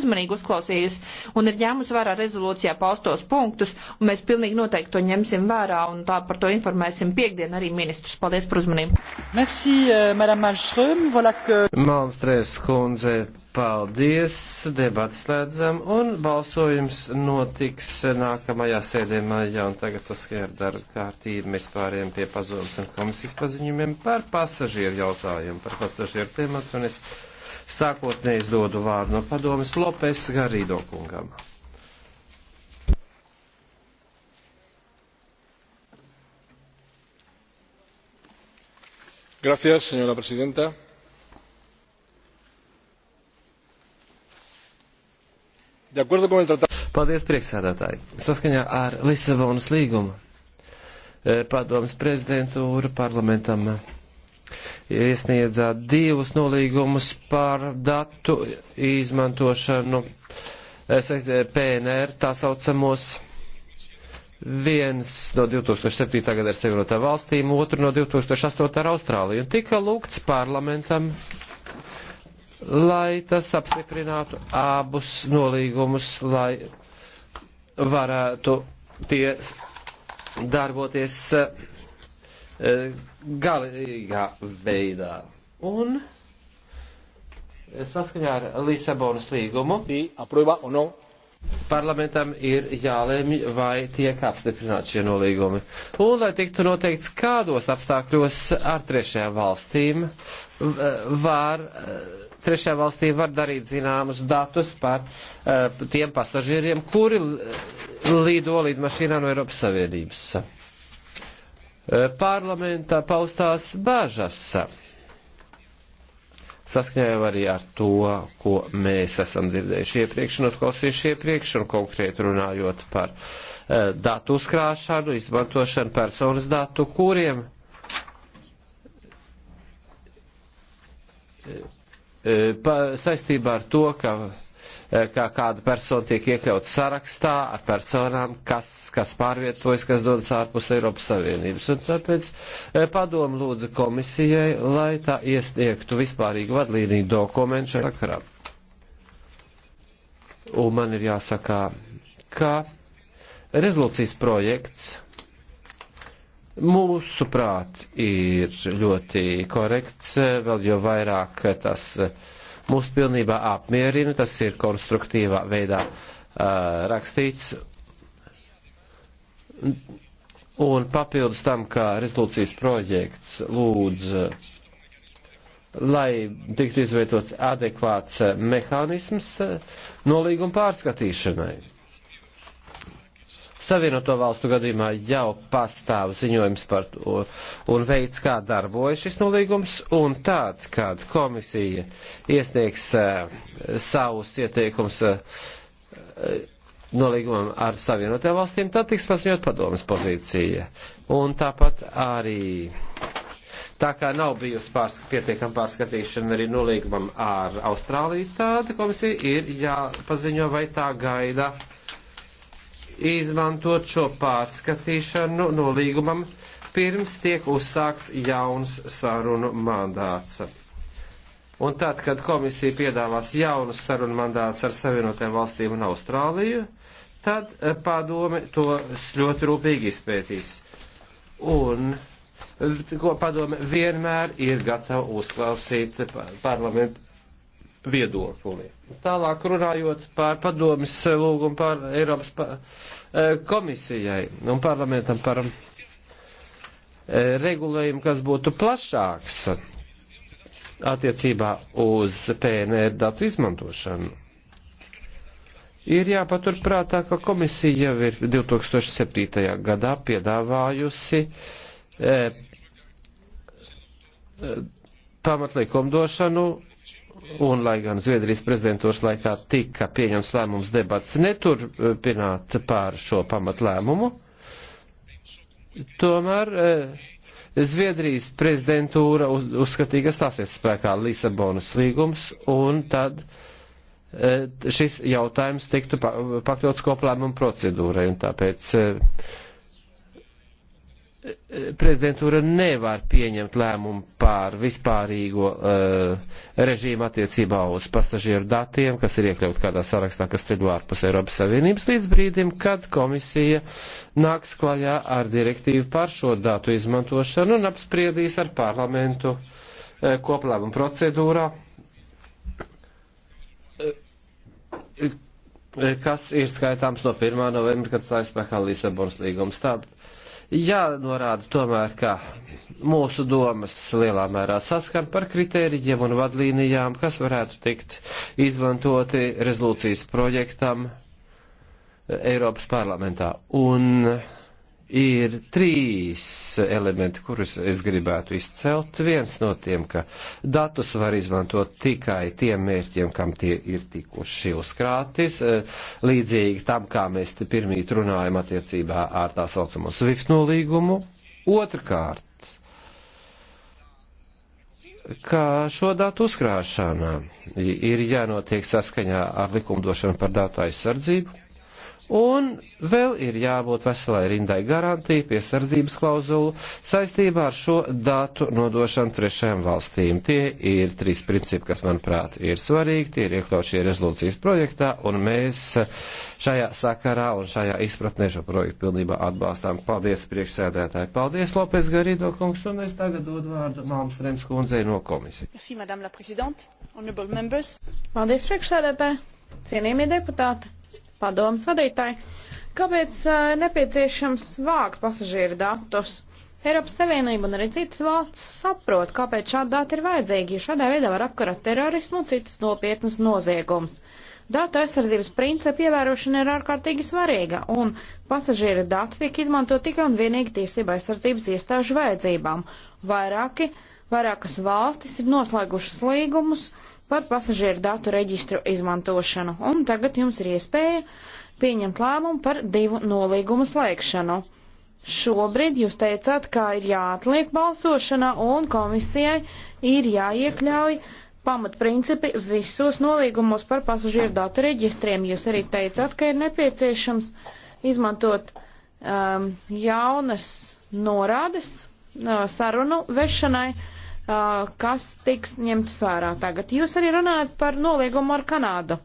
uzmanīgi uzklausījusi un ir ņēmusi vērā rezolūcijā paustos punktus, un mēs pilnīgi noteikti to ņemsim vērā un tā par to informēsim piekdien arī ministrus. Paldies par uzmanību. Merci, euh, Madame Malmström. Voilà que... Malmstrēs kundze, paldies, debats slēdzam, un balsojums notiks nākamajā sēdē maijā, un tagad saskaņā ar darba kārtību mēs pāriem pie pazodas un komisijas paziņumiem par pasažieru jautājumu, par pasažieru tematu, un es Sākotnēji es dodu vārdu no padomas Lopes Garīdo kungam. Gracias, señora presidenta. De acuerdo con el tratado. Paldies, priekšsēdētāji. Saskaņā ar Lisabonas līgumu eh, padomas prezidentūra parlamentam eh, iesniedzāt divus nolīgumus par datu izmantošanu PNR tā saucamos. Viens no 2007. gada ar Savienotām valstīm, otru no 2008. ar Austrāliju. Un tika lūgts parlamentam, lai tas apstiprinātu abus nolīgumus, lai varētu tie darboties Eh, galīgā veidā. Un eh, saskaņā ar Lisabonas līgumu parlamentam ir jālēmj, vai tiek apstiprināti šie nolīgumi. Un, lai tiktu noteikts, kādos apstākļos ar trešajām valstīm eh, var, trešajām valstīm var darīt zināmus datus par tiem pasažieriem, kuri lido līdmašīnā no Eiropas Savienības. Eh, parlamentā paustās bažas saskaņojam arī ar to, ko mēs esam dzirdējuši iepriekš un uzklausījuši iepriekš, un konkrēti runājot par uh, datu uzkrāšanu, izmantošanu personas datu, kuriem uh, pa, saistībā ar to, ka Eh, kā kāda persona tiek iekļauta sarakstā ar personām, kas, kas pārvietojas, kas dodas ārpus Eiropas Savienības. Un tāpēc eh, padomu lūdzu komisijai, lai tā iesniegtu vispārīgu vadlīniju dokumentu šajā sakarā. Un man ir jāsaka, ka rezolūcijas projekts mūsuprāt ir ļoti korekts, eh, vēl jo vairāk tas uh, mūs pilnībā apmierina, tas ir konstruktīvā veidā uh, rakstīts. Un papildus tam, kā rezolūcijas projekts lūdz, lai tiktu izveidots adekvāts mehānisms nolīguma pārskatīšanai Savienoto valstu gadījumā jau pastāv ziņojums par to un veids, kā darbojas šis nolīgums, un tāds, kad komisija iesniegs uh, savus ieteikums uh, nolīgumam ar Savienotajām valstīm, tad tiks paziņot padomas pozīcija. Un tāpat arī. Tā kā nav bijusi pārsk pietiekama pārskatīšana arī nolīgumam ar Austrāliju, tāda komisija ir jāpaziņo, vai tā gaida uh, izmantot šo pārskatīšanu no līgumam pirms tiek uzsākts jauns sarunu mandāts. Un tad, kad komisija piedāvās jaunus sarunu mandātus ar Savienotajām valstīm un Austrāliju, tad eh, padome to ļoti rūpīgi izpētīs. Un eh, ko padome vienmēr ir gatava uzklausīt parlamentu viedokli. Tālāk runājot par padomis lūgumu par Eiropas par, e, komisijai un parlamentam par e, regulējumu, kas būtu plašāks attiecībā uz PNR datu izmantošanu. Ir jāpaturprātā, ka komisija jau ir 2007. gadā piedāvājusi e, e, pamatlikumdošanu un lai gan Zviedrijas prezidentūras laikā tika pieņems lēmums debats neturpināt pār šo pamatlēmumu, tomēr eh, Zviedrijas prezidentūra uzskatīja, ka stāsies spēkā Lisabonas līgums, un tad eh, šis jautājums tiktu pakļauts koplēmumu procedūrai, un tāpēc eh, prezidentūra nevar pieņemt lēmumu pār vispārīgo uh, režīmu attiecībā uz pasažieru datiem, kas ir iekļaut kādā sarakstā, kas ceļo ārpus Eiropas Savienības līdz brīdim, kad komisija nāks klajā ar direktīvu par šo datu izmantošanu un apspriedīs ar parlamentu uh, koplēmumu procedūrā. Uh, kas ir skaitāms no 1. novembra, kad stājas spēkā Lisabonas līgums. Tāpēc jānorāda tomēr, ka mūsu domas lielā mērā saskan par kritērijiem un vadlīnijām, kas varētu tikt izmantoti rezolūcijas projektam Eiropas parlamentā. Un ir trīs elementi, kurus es gribētu izcelt. Viens no tiem, ka datus var izmantot tikai tiem mērķiem, kam tie ir tikuši uzkrātis, līdzīgi tam, kā mēs te pirmīt runājam attiecībā ar tā saucamo SWIFT nolīgumu. Otrkārt, ka šo datu uzkrāšana ir jānotiek saskaņā ar likumdošanu par datu aizsardzību Un vēl ir jābūt veselai rindai garantija, piesardzības klauzulu saistībā ar šo datu nodošanu trešajām valstīm. Tie ir trīs principi, kas, manuprāt, ir svarīgi, tie ir iekļauts šie rezolūcijas projektā, un mēs šajā sakarā un šajā izpratnē šo projektu pilnībā atbalstām. Paldies, priekšsēdētāji! Paldies, Lopes Garido kungs, un es tagad dodu vārdu Malmstrēms kundzei no komisijas. Paldies, priekšsēdētāji! Cienījamie deputāti! padomas vadītāji, kāpēc uh, nepieciešams vākt pasažieru datus? Eiropas Savienība un arī citas valsts saprot, kāpēc šādi dati ir vajadzīgi, jo šādā veidā var apkarot terorismu un citas nopietnas noziegumus. Datu aizsardzības principu ievērošana ir ārkārtīgi svarīga, un pasažieru dati tiek izmanto tikai un vienīgi tiesība aizsardzības iestāžu vajadzībām. Vairāki, vairākas valstis ir noslēgušas līgumus par pasažieru datu reģistru izmantošanu, un tagad jums ir iespēja pieņemt lēmumu par divu nolīgumu slēgšanu. Šobrīd jūs teicāt, ka ir jāatliek balsošana un komisijai ir jāiekļauj pamatprincipi visos nolīgumos par pasažieru datu reģistriem. Jūs arī teicāt, ka ir nepieciešams izmantot um, jaunas norādes uh, sarunu vešanai. Uh, kas tiks ņemts vērā tagad. Jūs arī runājat par noliegumu ar Kanādu.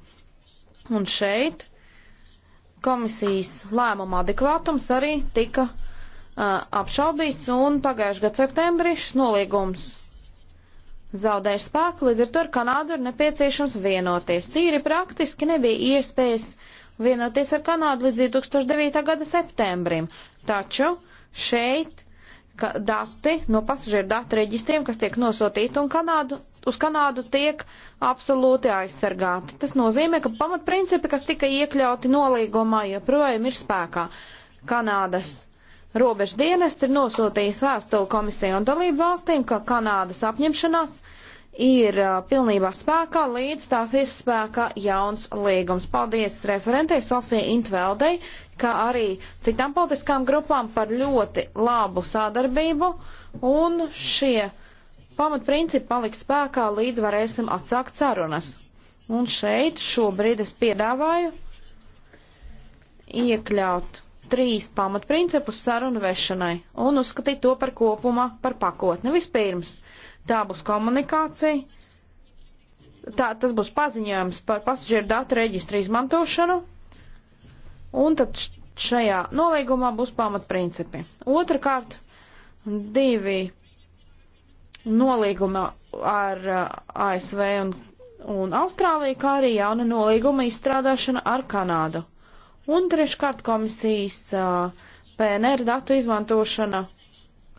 Un šeit komisijas lēmuma adekvātums arī tika uh, apšaubīts, un pagājušajā gadā septembrī šis nolīgums zaudēja spēku, līdz ar to ar Kanādu ir nepieciešams vienoties. Tīri praktiski nebija iespējas vienoties ar Kanādu līdz 2009. gada septembrim, taču šeit dati no pasažieru datu reģistriem, kas tiek nosūtīti un Kanādu, uz Kanādu tiek absolūti aizsargāti. Tas nozīmē, ka pamatprincipi, kas tika iekļauti nolīgumā, joprojām ir spēkā. Kanādas robežu dienests ir nosūtījis vēstuli komisiju un dalību valstīm, ka Kanādas apņemšanās uh, ir pilnībā spēkā, līdz tās izspēkā jauns līgums. Paldies referentei Sofija Intveldei, kā arī citām politiskām grupām par ļoti labu sadarbību, un šie pamatprincipi paliks spēkā, līdz varēsim atsākt sarunas. Un šeit šobrīd es piedāvāju iekļaut trīs pamatprincipus sarunu vešanai un uzskatīt to par kopumā par pakotni. Vispirms Tā būs komunikācija. Tā, tas būs paziņojums par pasažieru datu reģistru izmantošanu. Un tad šajā nolīgumā būs pamatprincipi. Otrakārt, divi nolīguma ar uh, ASV un, un Austrāliju, kā arī jauna nolīguma izstrādāšana ar Kanādu. Un treškārt komisijas uh, PNR datu izmantošana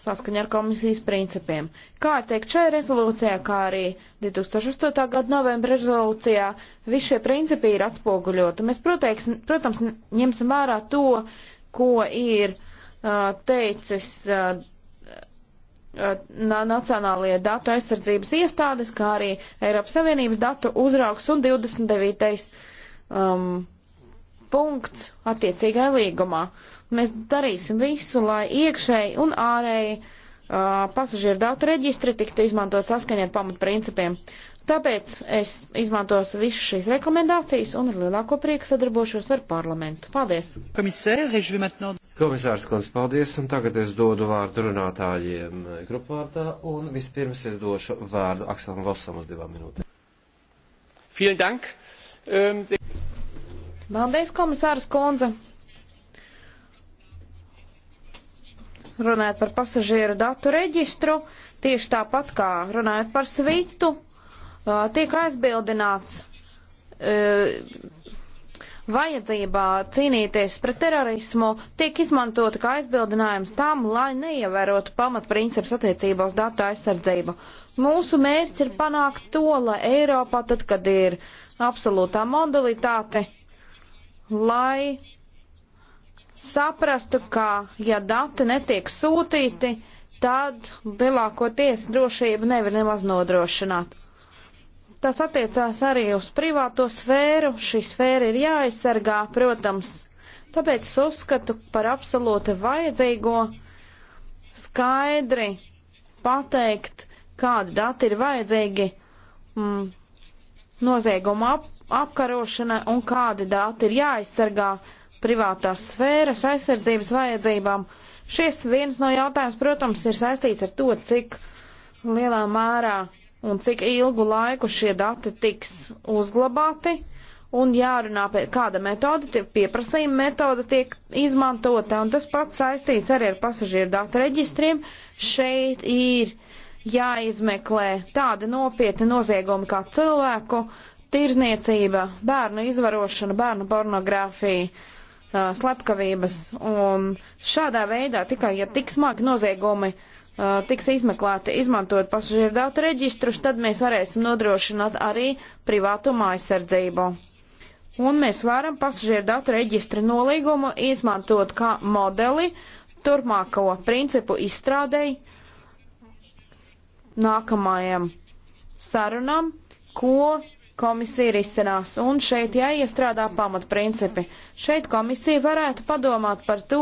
saskaņā ar komisijas principiem. Kā ir teikt šajā rezolūcijā, kā arī 2008. gada novembra rezolūcijā, visi šie principi ir atspoguļoti. Mēs, proteiks, protams, ņemsim vērā to, ko ir uh, teicis uh, Nacionālajie datu aizsardzības iestādes, kā arī Eiropas Savienības datu uzraugs un 29. Um, punkts attiecīgajā līgumā. Uh, Mēs darīsim visu, lai iekšēji un ārēji uh, pasažieru datu reģistri tiktu izmantot saskaņā ar pamatprincipiem. Tāpēc es izmantos visas šīs rekomendācijas un ar lielāko prieku sadarbošos ar parlamentu. Paldies! Komisāri, Komisārs Kons, paldies, un tagad es dodu vārdu runātājiem grupvārdā, un vispirms es došu vārdu Akselam Losam uz divām minūtēm. Vielen dank! Um, Paldies, komisārs Konza! runājot par pasažieru datu reģistru, tieši tāpat kā runājot par svitu, tiek aizbildināts vajadzībā cīnīties pret terorismu, tiek izmantota kā aizbildinājums tam, lai neievērotu pamatprincips attiecībā uz datu aizsardzību. Mūsu mērķis ir panākt to, lai Eiropā, tad, kad ir absolūtā modalitāte, lai saprastu, ka ja dati netiek sūtīti, tad lielākoties drošību nevar nemaz nodrošināt. Tas attiecās arī uz privāto sfēru, šī sfēra ir jāaizsargā, protams, tāpēc es uzskatu par absolūti vajadzīgo skaidri pateikt, kādi dati ir vajadzīgi mm, nozieguma ap, apkarošana un kādi dati ir jāaizsargā privātās sfēras aizsardzības vajadzībām. Šis viens no jautājums, protams, ir saistīts ar to, cik lielā mērā un cik ilgu laiku šie dati tiks uzglabāti un jārunā, kāda metode, pieprasījuma metode tiek izmantota, un tas pats saistīts arī ar pasažieru datu reģistriem. Šeit ir jāizmeklē tāda nopietna nozieguma kā cilvēku tirzniecība, bērnu izvarošana, bērnu pornogrāfija, uh, slepkavības. Un šādā veidā tikai, ja tik smagi noziegumi uh, tiks izmeklēti, izmantojot pasažieru datu reģistrus, tad mēs varēsim nodrošināt arī privātumu aizsardzību. Un mēs varam pasažieru datu reģistra nolīgumu izmantot kā modeli turpmāko principu izstrādēji nākamajam sarunam, ko komisija ir izcenās, un šeit jāiestrādā pamatprincipi. Šeit komisija varētu padomāt par to,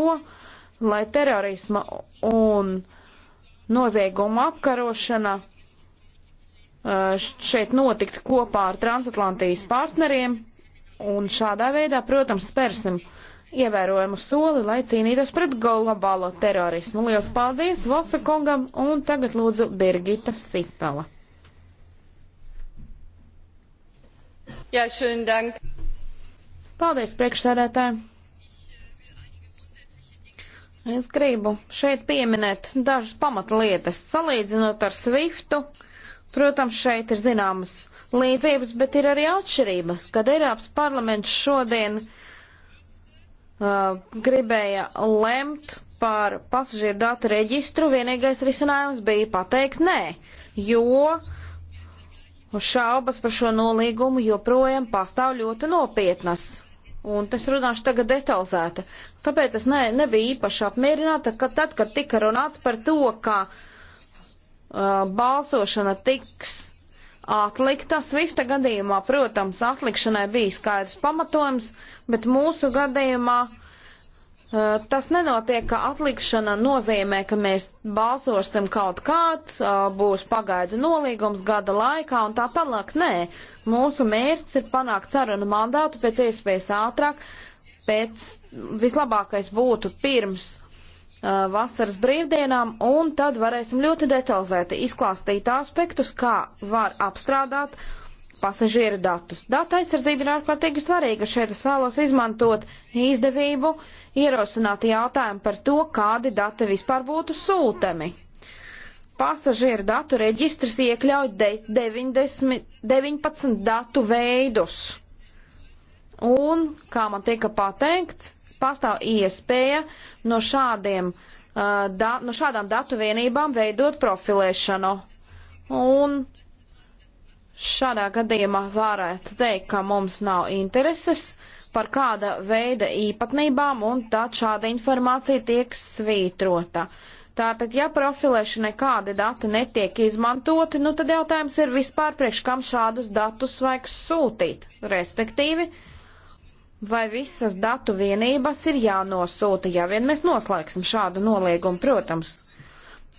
lai terorisma un nozieguma apkarošana eh, šeit notikt kopā ar transatlantijas partneriem, un šādā veidā, protams, spērsim ievērojumu soli, lai cīnītos pret globālo terorismu. Lielas paldies Vosa kungam, un tagad lūdzu Birgita Sipela. Jā, ja, šodien dank. Paldies, priekšsēdētāji. Es gribu šeit pieminēt dažas pamatlietas, salīdzinot ar Swiftu. Protams, šeit ir zināmas līdzības, bet ir arī atšķirības, kad Eiropas parlaments šodien uh, gribēja lemt par pasažieru datu reģistru, vienīgais risinājums bija pateikt nē, jo uh, Un šaubas par šo nolīgumu joprojām pastāv ļoti nopietnas. Un es runāšu tagad detalizēti. Tāpēc es ne, nebiju īpaši apmierināta, ka tad, kad tika runāts par to, ka uh, balsošana tiks atlikta Svifta gadījumā, protams, atlikšanai bija skaidrs pamatojums, bet mūsu gadījumā uh, Uh, tas nenotiek, ka atlikšana nozīmē, ka mēs balsosim kaut kād, uh, būs pagaidu nolīgums gada laikā un tā tālāk. Nē, mūsu mērķis ir panākt sarunu mandātu pēc iespējas ātrāk, pēc vislabākais būtu pirms uh, vasaras brīvdienām, un tad varēsim ļoti detalizēti izklāstīt aspektus, kā var apstrādāt uh, pasažieru datus. Data aizsardzība ir ārkārtīgi svarīga. Šeit es vēlos izmantot izdevību, ierosināt jautājumu par to, kādi dati vispār būtu sūtami. Pasažieru datu reģistrs iekļauj 90, 19 datu veidus. Un, kā man tika pateikts, pastāv iespēja no, šādiem, uh, da, no šādām datu vienībām veidot profilēšanu. Un Šādā gadījumā varētu teikt, ka mums nav intereses par kāda veida īpatnībām, un tad šāda informācija tiek svītrota. Tātad, ja profilēšanai kādi dati netiek izmantoti, nu tad jautājums ir vispār priekš kam šādus datus vajag sūtīt, respektīvi, vai visas datu vienības ir jānosūta, ja vien mēs noslēgsim šādu noliegumu, protams.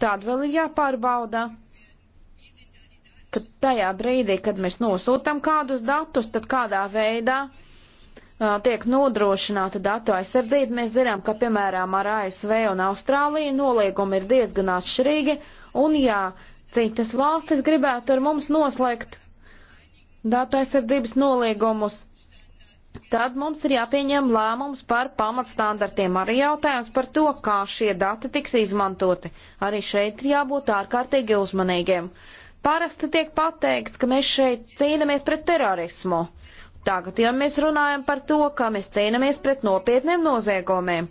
Tad vēl ir jāpārbauda, ka tajā brīdī, kad mēs nosūtam kādus datus, tad kādā veidā uh, tiek nodrošināta datu aizsardzība. Mēs zinām, ka piemēram ar ASV un Austrāliju noliegumi ir diezgan atšķirīgi, un ja citas valstis gribētu ar mums noslēgt datu aizsardzības noliegumus, tad mums ir jāpieņem lēmums par pamatstandartiem. Arī jautājums par to, kā šie dati tiks izmantoti. Arī šeit ir jābūt ārkārtīgi uzmanīgiem. Uh, Parasti tiek pateikts, ka mēs šeit cīnāmies pret terorismu. Tagad jau mēs runājam par to, ka mēs cīnāmies pret nopietniem noziegumiem.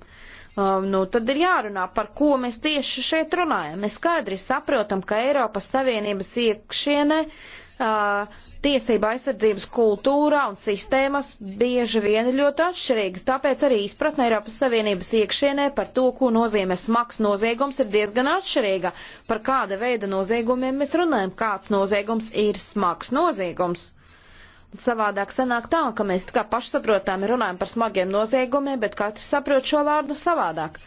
Um, nu, tad ir jārunā, par ko mēs tieši šeit runājam. Mēs skaidri saprotam, ka Eiropas Savienības iekšienē uh, tiesība aizsardzības kultūrā un sistēmas bieži vien ir ļoti atšķirīgas, tāpēc arī izpratne Eiropas Savienības iekšienē par to, ko nozīmē smags noziegums, ir diezgan atšķirīga. Par kāda veida noziegumiem mēs runājam, kāds noziegums ir smags noziegums. Savādāk sanāk tā, ka mēs tā kā pašsaprotami runājam par smagiem noziegumiem, bet katrs saprot šo vārdu savādāk.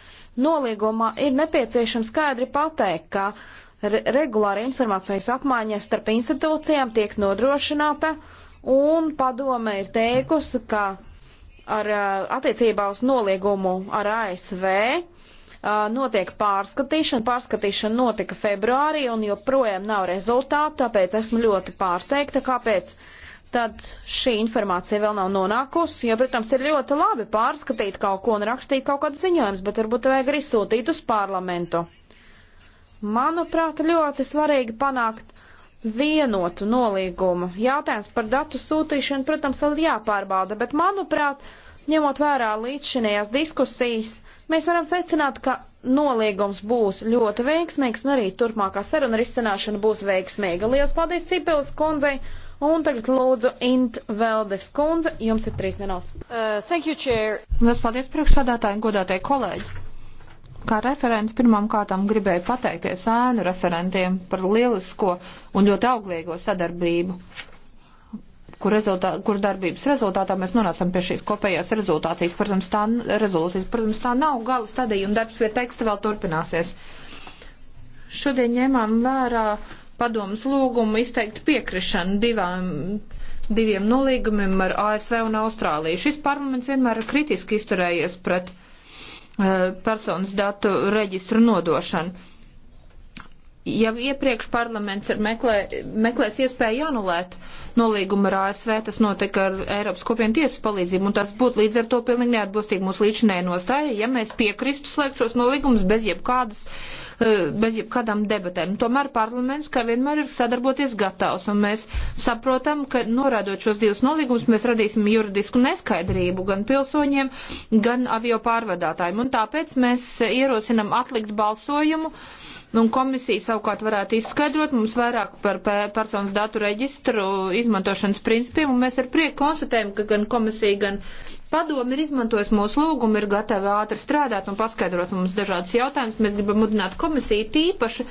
Nolīgumā ir nepieciešams skaidri pateikt, ka re regulāra informācijas apmaiņa starp institūcijām tiek nodrošināta, un padome ir teikusi, ka ar attiecībā uz noliegumu ar ASV notiek pārskatīšana. Pārskatīšana notika februārī un joprojām nav rezultātu, tāpēc esmu ļoti pārsteigta, kāpēc tad šī informācija vēl nav nonākusi. Jo, protams, ir ļoti labi pārskatīt kaut ko un rakstīt kaut kādu ziņojumus, bet varbūt vajag arī sūtīt uz parlamentu. Manuprāt, ļoti svarīgi panākt vienotu nolīgumu. Jautājums par datu sūtīšanu, protams, vēl jāpārbauda, bet, manuprāt, ņemot vērā līdzšinējās diskusijas, mēs varam secināt, ka nolīgums būs ļoti veiksmīgs un arī turpmākā saruna risināšana būs veiksmīga. Lielas paldies Cipilas kundzei un tagad lūdzu Int Veldes kundze, jums ir trīs minūtes. Uh, thank you, chair. Lielas paldies priekšsādātājiem, godātie kolēģi. Kā referenti pirmām kārtām gribēju pateikties ēnu referentiem par lielisko un ļoti auglīgo sadarbību, kur, rezultā, kur darbības rezultātā mēs nonācam pie šīs kopējās rezultācijas. Protams, tā, rezolūcijas, protams, tā nav gala stadija un darbs pie teksta vēl turpināsies. Šodien ņēmām vērā padomas lūgumu izteikt piekrišanu divām diviem nolīgumiem ar ASV un Austrāliju. Šis parlaments vienmēr ir kritiski izturējies pret uh, Eh, personas datu reģistru nodošanu. Ja iepriekš parlaments meklē, meklēs iespēju anulēt nolīgumu ar ASV, tas notika ar Eiropas kopienu tiesas palīdzību, un tas būtu līdz ar to pilnīgi neatbilstīgi mūsu līdzinē nostāja, ja mēs piekristu slēgt šos nolīgumus bez jebkādas uh, Eh, bez jebkādām debatēm. Tomēr parlaments, kā vienmēr, ir sadarboties gatavs, un mēs saprotam, ka norādot šos divus nolīgumus, mēs radīsim juridisku neskaidrību gan pilsoņiem, gan avio pārvadātājiem, un tāpēc mēs eh, ierosinam atlikt balsojumu, un komisija savukārt varētu izskaidrot mums vairāk par personas datu reģistru izmantošanas principiem, un mēs ar prieku konstatējam, ka gan komisija, gan Padomi ir izmantojis mūsu lūgumu, ir gatavi ātri strādāt un paskaidrot mums dažādas jautājumas. Mēs gribam mudināt komisiju tīpaši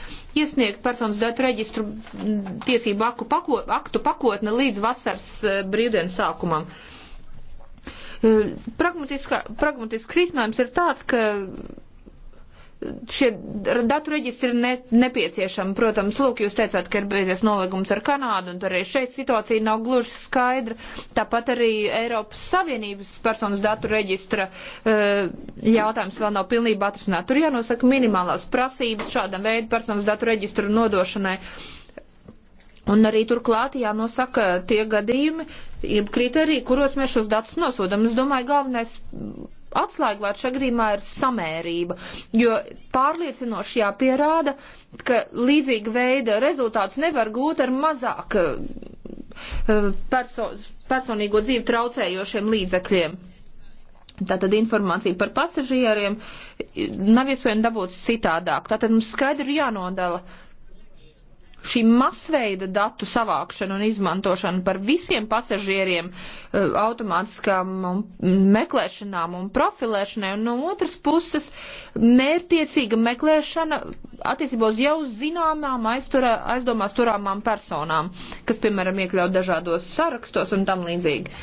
iesniegt personas datu reģistru mm, tiesību aktu, pako, aktu pakotni līdz vasaras e, brīvdienas sākumam. E, pragmatisks risinājums ir tāds, ka šie datu reģistri ir ne, nepieciešami. Protams, lūk, jūs teicāt, ka ir beidzies nolīgums ar Kanādu, un tur arī šeit situācija nav gluži skaidra. Tāpat arī Eiropas Savienības personas datu reģistra e, jautājums vēl nav pilnībā atrisināt. Tur jānosaka minimālās prasības šādam veidu personas datu reģistru nodošanai. Un arī turklāt jānosaka tie gadījumi, kriteriji, kuros mēs šos datus nosodam. Es domāju, galvenais atslēgvārds šagrīmā ir samērība, jo pārliecinoši jāpierāda, ka līdzīga veida rezultāts nevar gūt ar mazāk eh, perso personīgo dzīvi traucējošiem līdzekļiem. Tātad informācija par pasažieriem eh, nav iespējama dabūt citādāk. Tātad mums skaidri jānodala šī masveida datu savākšana un izmantošana par visiem pasažieriem e, automātiskām meklēšanām un profilēšanai, un no otras puses mērtiecīga meklēšana attiecībā uz jau zināmām aizturā, aizdomās turāmām personām, kas, piemēram, iekļaut dažādos sarakstos un tam līdzīgi.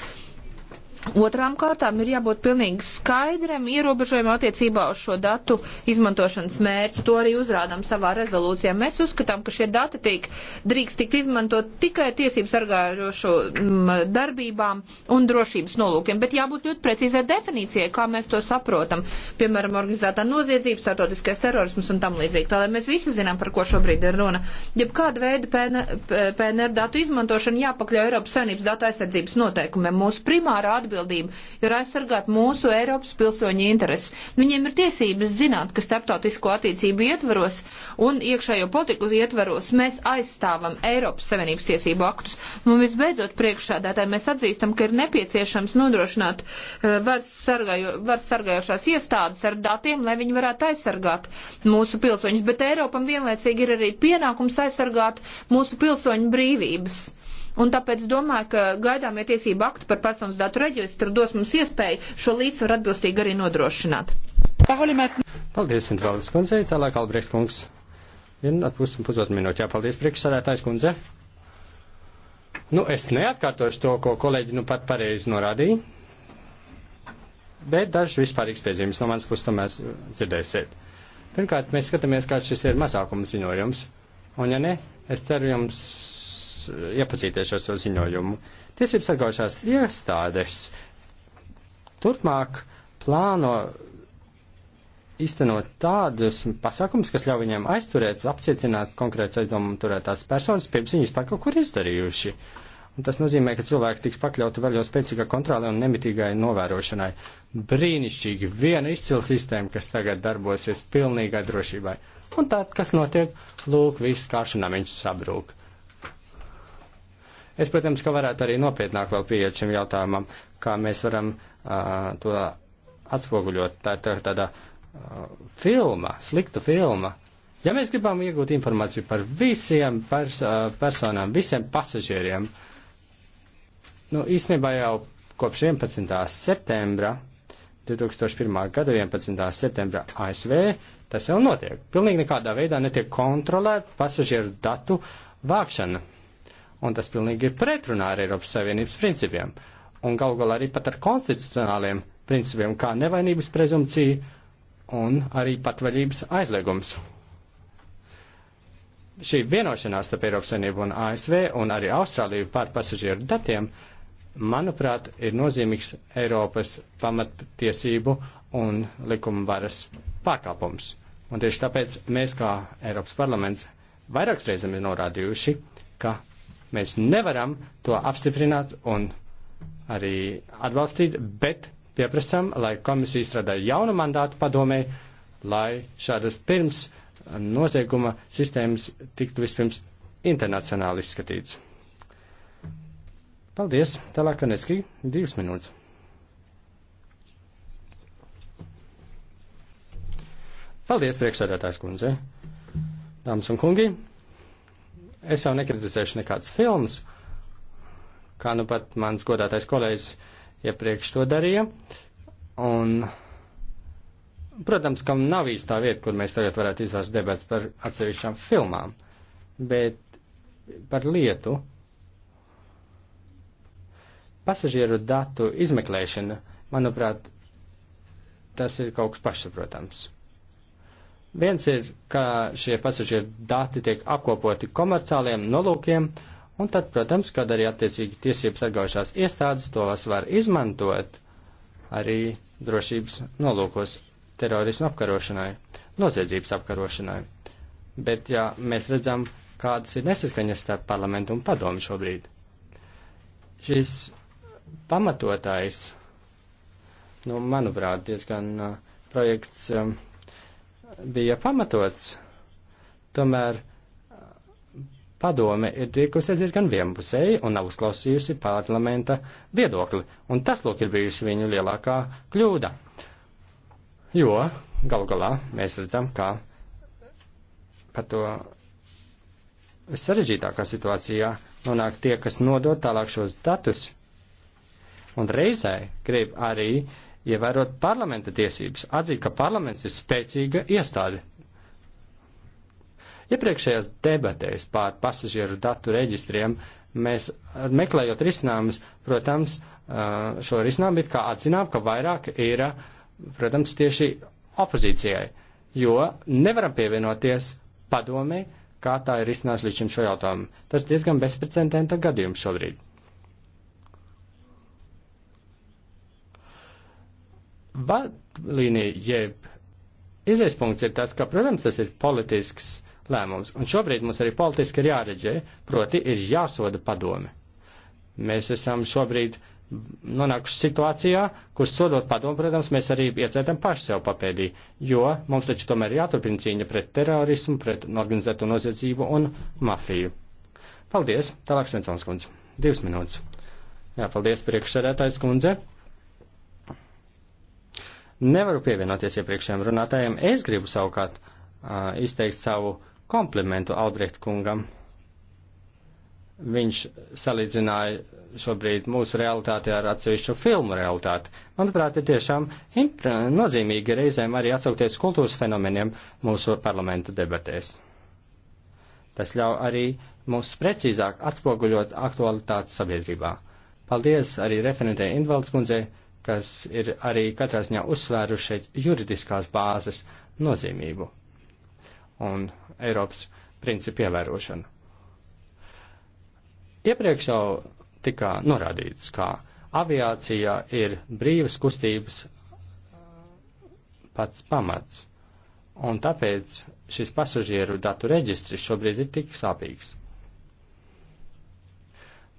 Otrām kārtām ir jābūt pilnīgi skaidram ierobežojumam attiecībā uz šo datu izmantošanas mērķi. To arī uzrādām savā rezolūcijā. Mēs uzskatām, ka šie dati tiek, drīkst tikt izmantot tikai tiesību sargājošo mm, darbībām un drošības nolūkiem, bet jābūt ļoti precīzai definīcijai, kā mēs to saprotam. Piemēram, organizētā noziedzība, startotiskais terorisms un tam līdzīgi. Tā lai mēs visi zinām, par ko šobrīd ir runa. Ja kāda veida PNR datu izmantošana jāpakļauj Eiropas saimnības datu aizsardzības noteikumiem, mūsu primārā atbildība atbildību, jo ir aizsargāt mūsu Eiropas pilsoņu intereses. Viņiem ir tiesības zināt, ka starptautisko attiecību ietvaros un iekšējo politiku ietvaros mēs aizstāvam Eiropas Savienības tiesību aktus. Un visbeidzot, priekšsādātāji, mēs atzīstam, ka ir nepieciešams nodrošināt uh, eh, varas sargājo, var sargājošās iestādes ar datiem, lai viņi varētu aizsargāt mūsu pilsoņus. Bet Eiropam vienlaicīgi ir arī pienākums aizsargāt mūsu pilsoņu brīvības. Un tāpēc domāju, ka gaidāmie ja tiesību akti par personas datu reģistru dos mums iespēju šo līdzsvaru atbilstīgi arī nodrošināt. Paldies, Intvaldes kundzei, tālāk Albreks kungs. Vienu atpusi pusotru minūti. Jā, paldies, priekšsādātājs kundze. Nu, es neatkārtošu to, ko kolēģi nu pat pareizi norādīja, bet dažas vispārīgas piezīmes no manas puses tomēr dzirdēsiet. Pirmkārt, mēs skatāmies, kāds šis ir mazākums ziņojums. Un, ja ne, es ceru jums iepazīties ar šo ziņojumu. Tiesības sargājušās iestādes turpmāk plāno iztenot tādus pasākumus, kas ļauj viņiem aizturēt, apcietināt konkrēts aizdomu turētās personas, pirms viņas par kaut kur izdarījuši. Un tas nozīmē, ka cilvēki tiks pakļauti vēl jau spēcīgā kontrolē un nemitīgai novērošanai. Brīnišķīgi, viena izcila sistēma, kas tagad darbosies pilnīgai drošībai. Un tad, kas notiek, lūk, viss kāršanā viņš sabrūk. Es, protams, ka varētu arī nopietnāk vēl pieiet šim jautājumam, kā mēs varam uh, to atspoguļot. Tā ir tā, tāda uh, filma, slikta filma. Ja mēs gribam iegūt informāciju par visiem pers personām, visiem pasažieriem, nu, īstenībā jau kopš 11. septembra 2001. gada 11. septembra ASV tas jau notiek. Pilnīgi nekādā veidā netiek kontrolēta pasažieru datu vākšana. Un tas pilnīgi ir pretrunā ar Eiropas Savienības principiem. Un galu galā arī pat ar konstitucionāliem principiem, kā nevainības prezumcija un arī patvaļības aizliegums. Šī vienošanās starp Eiropas Savienību un ASV un arī Austrāliju par pasažieru datiem, manuprāt, ir nozīmīgs Eiropas pamattiesību un likuma varas pārkāpums. Un tieši tāpēc mēs, kā Eiropas parlaments, vairākas reizes ir norādījuši, ka Mēs nevaram to apstiprināt un arī atbalstīt, bet pieprasam, lai komisija izstrādā jaunu mandātu padomē, lai šādas pirms nozieguma sistēmas tiktu vispirms internacionāli izskatīts. Paldies, tālāk Kaneski, divas minūtes. Paldies, priekšsēdētājs kundze. Dāmas un kungi, Es jau nekritizēšu nekādas filmas, kā nu pat mans godātais kolēģis iepriekš to darīja. Un, protams, kam nav īstā vieta, kur mēs tagad varētu izvērst debats par atsevišķām filmām, bet par lietu pasažieru datu izmeklēšana, manuprāt, tas ir kaut kas pašsaprotams. Viens ir, ka šie pasažieru dati tiek apkopoti komerciāliem nolūkiem, un tad, protams, kad arī attiecīgi tiesības sargājušās iestādes tos var izmantot arī drošības nolūkos terorismu apkarošanai, noziedzības apkarošanai. Bet, ja mēs redzam, kādas ir nesaskaņas starp parlamentu un padomu šobrīd, šis pamatotājs, nu, manuprāt, diezgan uh, projekts. Um, bija pamatots, tomēr uh, padome ir tikusies diezgan vienpusēji un nav uzklausījusi parlamenta viedokli. Un tas, lūk, ir bijusi viņu lielākā kļūda. Jo galu galā mēs redzam, ka par to sarežģītākā situācijā nonāk tie, kas nodod tālāk šos datus. Un reizē grib arī uh, ievērot parlamenta tiesības, atzīt, ka parlaments ir spēcīga iestāde. Iepriekšējās debatēs pār pasažieru datu reģistriem mēs meklējot risinājumus, protams, šo risinājumu it kā atzinām, ka vairāk ir, protams, tieši opozīcijai, jo nevaram pievienoties padomē, kā tā ir risinās līdz šim šo jautājumu. Tas diezgan bezprecedenta gadījums šobrīd. vadlīnija, jeb izējas punkts ir tas, ka, protams, tas ir politisks lēmums, un šobrīd mums arī politiski ir jāreģē, proti ir jāsoda padomi. Mēs esam šobrīd nonākuši situācijā, kur sodot padomu, protams, mēs arī iecētam paši sev papēdī, jo mums taču tomēr ir jāturpina cīņa pret terorismu, pret organizēto noziedzību un mafiju. Paldies! Tālāk Svensons kundze. Divas minūtes. Jā, paldies priekšsēdētājs kundze. Nevaru pievienoties iepriekšējiem runātājiem. Es gribu savukārt uh, izteikt savu komplimentu Albrecht kungam. Viņš salīdzināja šobrīd mūsu realitāti ar atsevišķu filmu realitāti. Manuprāt, ir tiešām nozīmīgi reizēm arī atsaukties kultūras fenomeniem mūsu parlamenta debatēs. Tas ļauj arī mums precīzāk atspoguļot aktualitātes sabiedrībā. Paldies arī referentē Invalds kundzei kas ir arī katrā ziņā uzsvēruši šeit juridiskās bāzes nozīmību un Eiropas principu ievērošanu. Iepriekš jau tika norādīts, ka aviācija ir brīvas kustības uh, pats pamats, un tāpēc šis pasažieru datu reģistris šobrīd ir tik sāpīgs.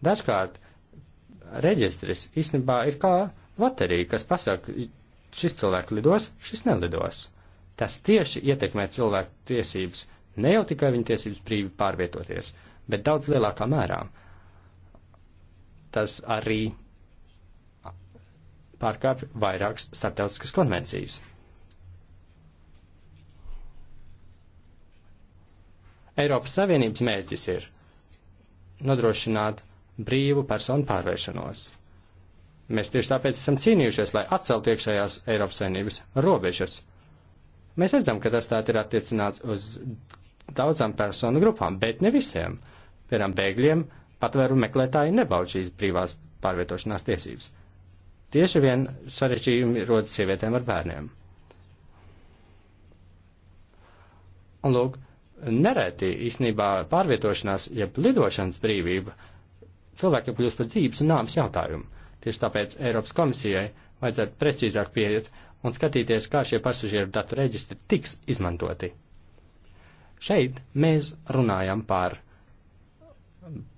Dažkārt reģistris īstenībā ir kā loterija, kas pasaka, šis cilvēks lidos, šis nelidos. Tas tieši ietekmē cilvēku tiesības, ne jau tikai viņa tiesības brīvi pārvietoties, bet daudz lielākā mērā. Tas arī pārkāpj vairākas starptautiskas konvencijas. Eiropas Savienības mērķis ir nodrošināt brīvu personu pārvēršanos. Mēs tieši tāpēc esam cīnījušies, lai atceltu iekšējās Eiropas saimnības robežas. Mēs redzam, ka tas tā ir attiecināts uz daudzām personu grupām, bet ne visiem. Piemēram, bēgļiem patvēru meklētāji nebaud šīs brīvās pārvietošanās tiesības. Tieši vien sarežģījumi rodas sievietēm ar bērniem. Un lūk, nereti īstenībā pārvietošanās, jeb lidošanas brīvība cilvēkiem kļūst par dzīves un nāmas jautājumu. Tieši tāpēc Eiropas komisijai vajadzētu precīzāk pieiet un skatīties, kā šie pasažieru datu reģistri tiks izmantoti. Šeit mēs runājam par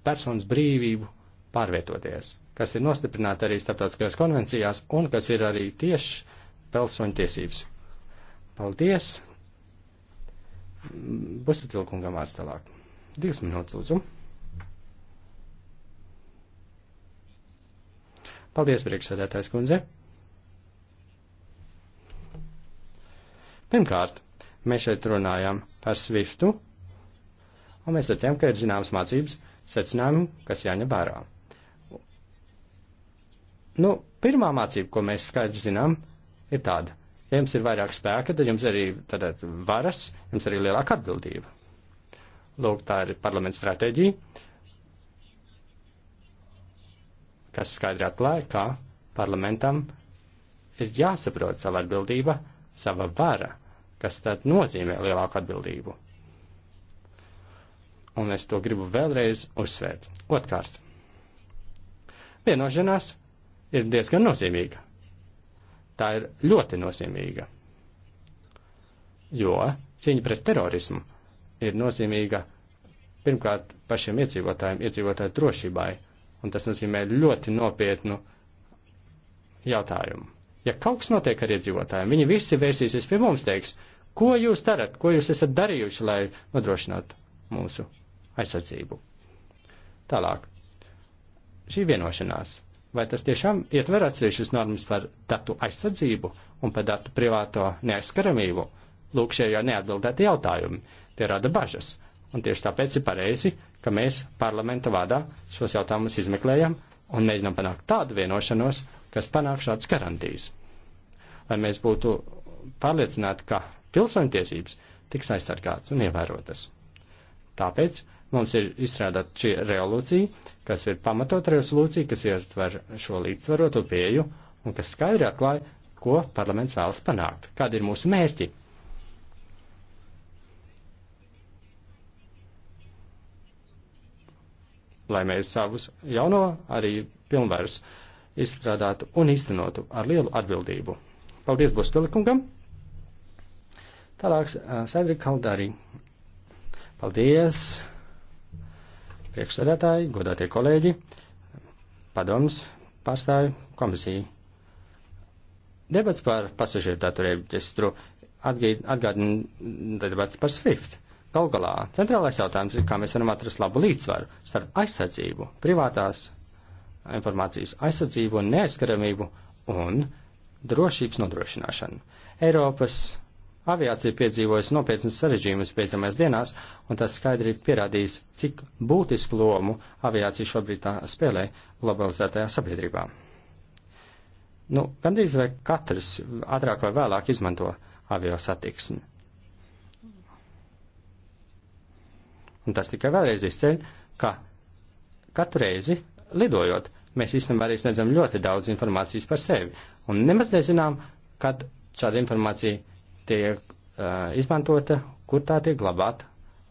personas brīvību pārvietoties, kas ir nostiprināta arī starptautiskajās konvencijās un kas ir arī tieši pilsoņu tiesības. Paldies! Busutilkungam vārds tālāk. Divas minūtes, lūdzu. Paldies, priekšsēdētājs kundze. Pirmkārt, mēs šeit runājam par Swiftu, un mēs redzējām, ka ir zināmas mācības secinājumi, kas jāņem vērā. Nu, pirmā mācība, ko mēs skaidri zinām, ir tāda. Ja jums ir vairāk spēka, tad jums arī tātad varas, jums arī lielāka atbildība. Lūk, tā ir parlamenta stratēģija, kas skaidri atklāja, ka parlamentam ir jāsaprot sava atbildība, sava vara, kas tad nozīmē lielāku atbildību. Un es to gribu vēlreiz uzsvērt. Otkārt, vienošanās ir diezgan nozīmīga. Tā ir ļoti nozīmīga. Jo cīņa pret terorismu ir nozīmīga pirmkārt pašiem iedzīvotājiem, iedzīvotāju drošībai, Un tas nozīmē ļoti nopietnu jautājumu. Ja kaut kas notiek ar iedzīvotājiem, viņi visi vērsīsies pie mums, teiks, ko jūs darat, ko jūs esat darījuši, lai nodrošinātu mūsu aizsardzību. Tālāk. Šī vienošanās. Vai tas tiešām ietver atsevišķas normas par datu aizsardzību un par datu privāto neaizskaramību? Lūk, šie jau neatbildēti jautājumi. Tie rada bažas. Un tieši tāpēc ir pareizi, ka mēs parlamenta vārdā šos jautājumus izmeklējam un mēģinām panākt tādu vienošanos, kas panāk šāds garantijas. Lai mēs būtu pārliecināti, ka pilsoņtiesības tiks aizsargāts un ievērotas. Tāpēc mums ir izstrādāt šī revolūcija, kas ir pamatot revolūcija, kas ietver šo līdzsvaroto pieju un kas skaidri atklāja, ko parlaments vēlas panākt, kādi ir mūsu mērķi lai mēs savus jauno arī pilnvarus izstrādātu un īstenotu ar lielu atbildību. Paldies Bostelikungam! Tālāk Saidrika Kaldārī. Paldies! Priekšsēdētāji, godātie kolēģi, padoms, pārstāvi, komisija. Debats par pasažieru datu reģistru atgādina debats par SWIFT. Galu galā centrālais jautājums ir, kā mēs varam atrast labu līdzsvaru starp aizsardzību, privātās informācijas aizsardzību un neaizskaramību un drošības nodrošināšanu. Eiropas aviācija piedzīvojas nopietnas sarežģījumus pēdējās dienās, un tas skaidri pierādīs, cik būtisku lomu aviācija šobrīd spēlē globalizētajā sabiedrībā. Nu, gandrīz vai katrs ātrāk vai vēlāk izmanto avio satiksmi Un tas tikai vēlreiz izceļ, ka katru reizi lidojot, mēs īstenībā arī sniedzam ļoti daudz informācijas par sevi. Un nemaz nezinām, kad šāda informācija tiek uh, izmantota, kur tā tiek glabāta.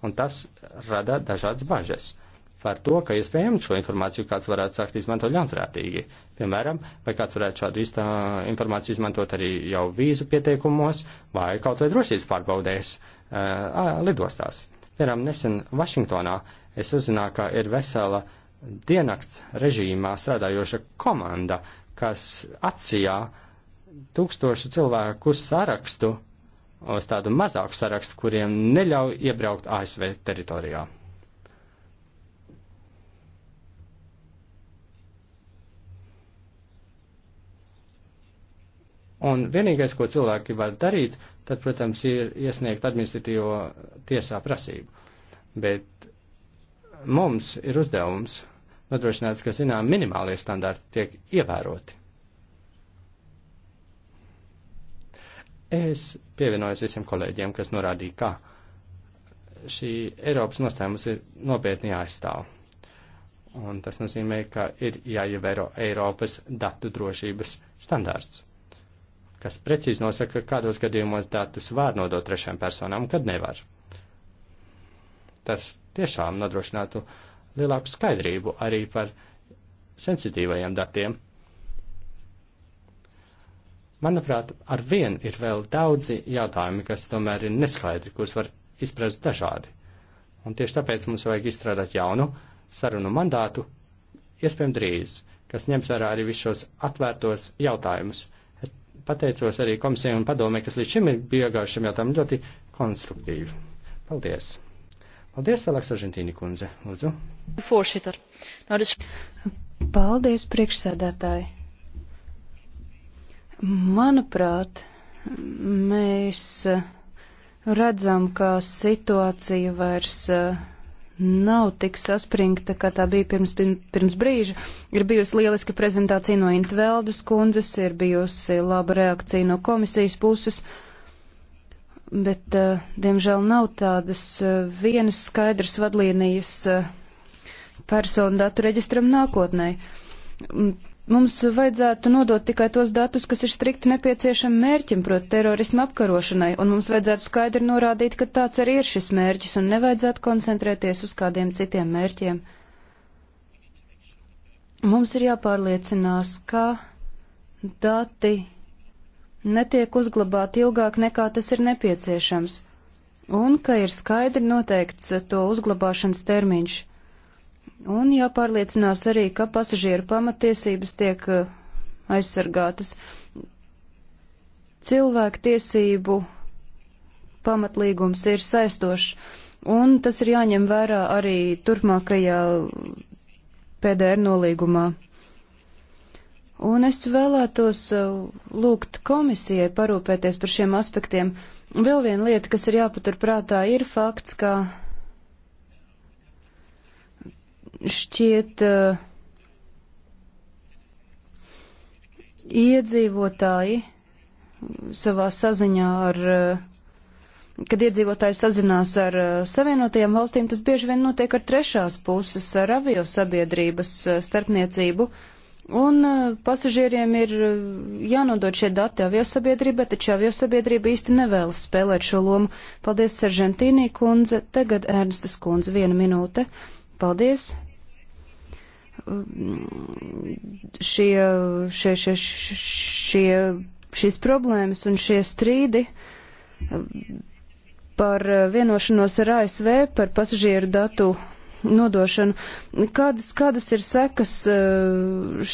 Un tas rada dažādas bažas par to, ka iespējams šo informāciju kāds varētu sākt izmantot ļaunprātīgi. Piemēram, vai kāds varētu šādu īstā informāciju izmantot arī jau vīzu pieteikumos vai kaut vai drošības pārbaudēs uh, lidostās. Uh, Piemēram, nesen Vašingtonā es uzzināju, ka ir vesela diennakts režīmā strādājoša komanda, kas atsijā tūkstošu cilvēku sarakstu uz tādu mazāku sarakstu, kuriem neļauj iebraukt ASV teritorijā. Un vienīgais, ko cilvēki var darīt, tad, protams, ir iesniegt administratīvo tiesā prasību. Bet mums ir uzdevums nodrošināt, ka, zinām, minimālie standarti tiek ievēroti. Es pievienojos visiem kolēģiem, kas norādīja, ka šī Eiropas nostājums ir nopietni jāizstāv. Un tas nozīmē, ka ir jāievēro Eiropas datu drošības standārts kas precīzi nosaka, kādos gadījumos datus var nodot trešām personām un kad nevar. Tas tiešām nodrošinātu lielāku skaidrību arī par sensitīvajiem datiem. Manuprāt, ar vien ir vēl daudzi jautājumi, kas tomēr ir neskaidri, kurus var izprast dažādi. Un tieši tāpēc mums vajag izstrādāt jaunu sarunu mandātu, iespējams drīz, kas ņems vērā arī visus šos atvērtos jautājumus pateicos arī komisijai un padomē, kas līdz šim ir bijuši šiem jautājumiem ļoti konstruktīvi. Paldies! Paldies, Aleks Argentīni kundze, lūdzu. Foršitar. Paldies, priekšsēdētāji. Manuprāt, mēs redzam, ka situācija vairs uh, nav tik saspringta, kā tā bija pirms, pirms brīža. Ir bijusi lieliska prezentācija no Intveldes kundzes, ir bijusi laba reakcija no komisijas puses, bet, uh, diemžēl, nav tādas uh, vienas skaidras vadlīnijas uh, personu datu reģistram nākotnē. Mm, mums vajadzētu nodot tikai tos datus, kas ir strikti nepieciešami mērķim, proti terorismu apkarošanai, un mums vajadzētu skaidri norādīt, ka tāds arī ir šis mērķis, un nevajadzētu koncentrēties uz kādiem citiem mērķiem. Mums ir jāpārliecinās, ka dati netiek uzglabāti ilgāk nekā tas ir nepieciešams, un ka ir skaidri noteikts to uzglabāšanas termiņš. Un jāpārliecinās arī, ka pasažieru pamatiesības tiek eh, aizsargātas. Cilvēku tiesību pamatlīgums ir saistošs, un tas ir jāņem vērā arī turpmākajā PDR nolīgumā. Un es vēlētos eh, lūgt komisijai parūpēties par šiem aspektiem. Vēl viena lieta, kas ir jāpaturprātā, ir fakts, ka šķiet uh, iedzīvotāji savā saziņā ar, uh, kad iedzīvotāji sazinās ar uh, savienotajām valstīm, tas bieži vien notiek ar trešās puses, ar avio sabiedrības starpniecību. Un pasažieriem ir jānodod šie dati aviosabiedrībai, taču aviosabiedrība īsti nevēlas spēlēt šo lomu. Paldies, Seržantīnī kundze, tagad Ernstas kundze, viena minūte. Paldies, šie, šie, šie, šie, šīs problēmas un šie strīdi par vienošanos ar ASV par pasažieru datu nodošanu. Kādas, kādas ir sekas eh,